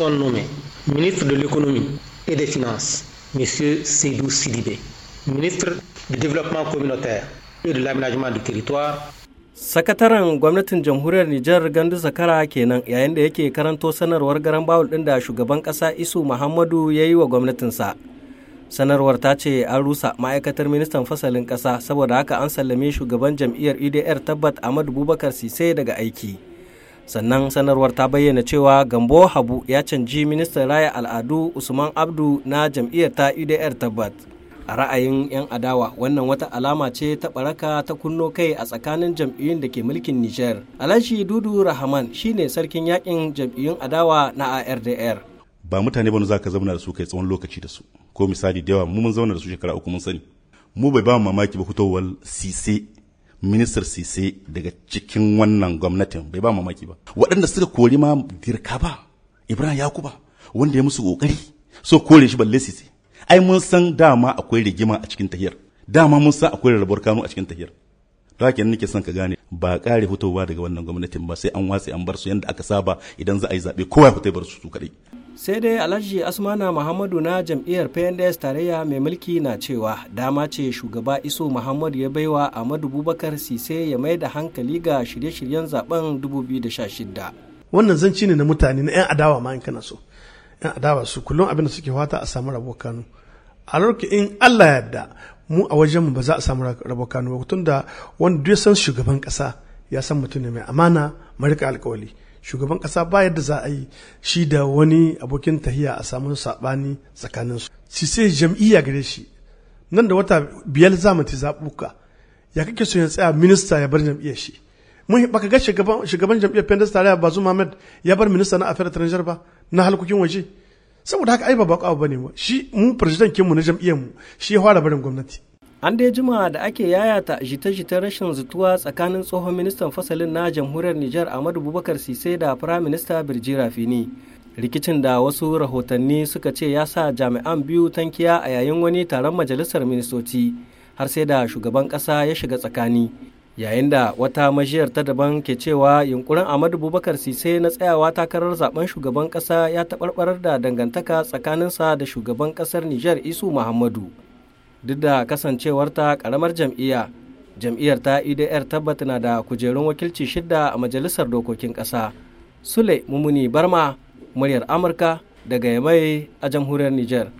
son nommé ministre de l'économie et des finances, M. Seydou Sidibé, ministre du développement communautaire et de l'aménagement du territoire. Sakataren gwamnatin jamhuriyar Nijar Gandu Zakara kenan yayin da yake karanto sanarwar garan bawul ɗin da shugaban ƙasa Isu Muhammadu ya yi wa gwamnatin sa sanarwar ta ce an rusa ma'aikatar ministan fasalin ƙasa saboda haka an sallame shugaban jam'iyyar idr e tabbat ahmad bubakar sise daga aiki sannan sanarwar ta bayyana cewa gambo habu ya canji ministan raya al'adu usman abdu na jam'iyyar ta udr e tabbat a ra'ayin 'yan adawa wannan wata alama ce ta baraka ta kunno kai a tsakanin jam'iyyun da ke mulkin niger alhaji dudu rahman shine sarkin yakin jam'iyyun adawa na ardr ba mutane bane ka zauna da su kai tsawon lokaci da su ko misali da yawa mu mun zauna da su shekara uku mun sani mu bai ba mamaki ba fitowar sise ministar sise daga cikin wannan gwamnatin bai ba mamaki ba waɗanda suka kori ma dirka ba ibrahim yakuba wanda ya musu kokari so kore shi balle sise ai mun san dama akwai rigima a cikin tahiyar dama mun san akwai rabar kanu a cikin tahiyar to haka nake son ka gane ba kare hutowa daga wannan gwamnatin ba sai an watse an bar su yanda aka saba idan za a yi zaɓe kowa ya fita bar su su kaɗai sai dai alhaji asmana muhammadu na jam'iyyar pnds tarayya mai mulki na cewa dama ce shugaba iso muhammadu ya baiwa a bubakar sise ya mai da hankali ga shirye-shiryen zaben 2016 wannan zanci ne na mutane na 'yan adawa ma in kana so 'yan adawa su kullum abin da suke fata a samu rabo kanu a lokacin in allah yadda mu a wajen wajenmu ba za a samu rabo kanu ba tun da wanda duk san shugaban kasa ya san mutum ne mai amana marika alkawali shugaban kasa ba yadda za a yi shi da wani abokin tahiya a samun sabani tsakanin su si sai jam'iyya gare shi nan da wata biyar za mu zaɓuka ya kake so ya tsaya minista ya bar jam'iyyar shi mun baka ga shugaban shugaban jam'iyyar pendas tarayya bazu ya bar minista na affaires étrangères ba na halkokin waje saboda haka ai ba bako abu bane ba shi mu president kinmu na jam'iyyar mu shi ya fara barin gwamnati an dai jima da ake yayata jita jita rashin zutuwa tsakanin tsohon ministan fasalin na jamhuriyar nijar amadu bubakar sise da firayim minista birji rafini rikicin da wasu rahotanni suka ce ya sa jami'an biyu tankiya a yayin wani taron majalisar ministoci har sai da shugaban kasa ya shiga tsakani yayin da wata majiyar ta daban ke cewa yunkurin amadu bubakar sise na tsayawa takarar zaben shugaban kasa ya taɓarɓarar da dangantaka tsakaninsa da shugaban kasar nijar isu muhammadu duk da kasancewarta karamar jam'iyya jam'iyyar ta idr e tabbata na da kujerun wakilci shidda a majalisar dokokin ƙasa sule mumuni barma muryar amurka daga yamai a jamhuriyar niger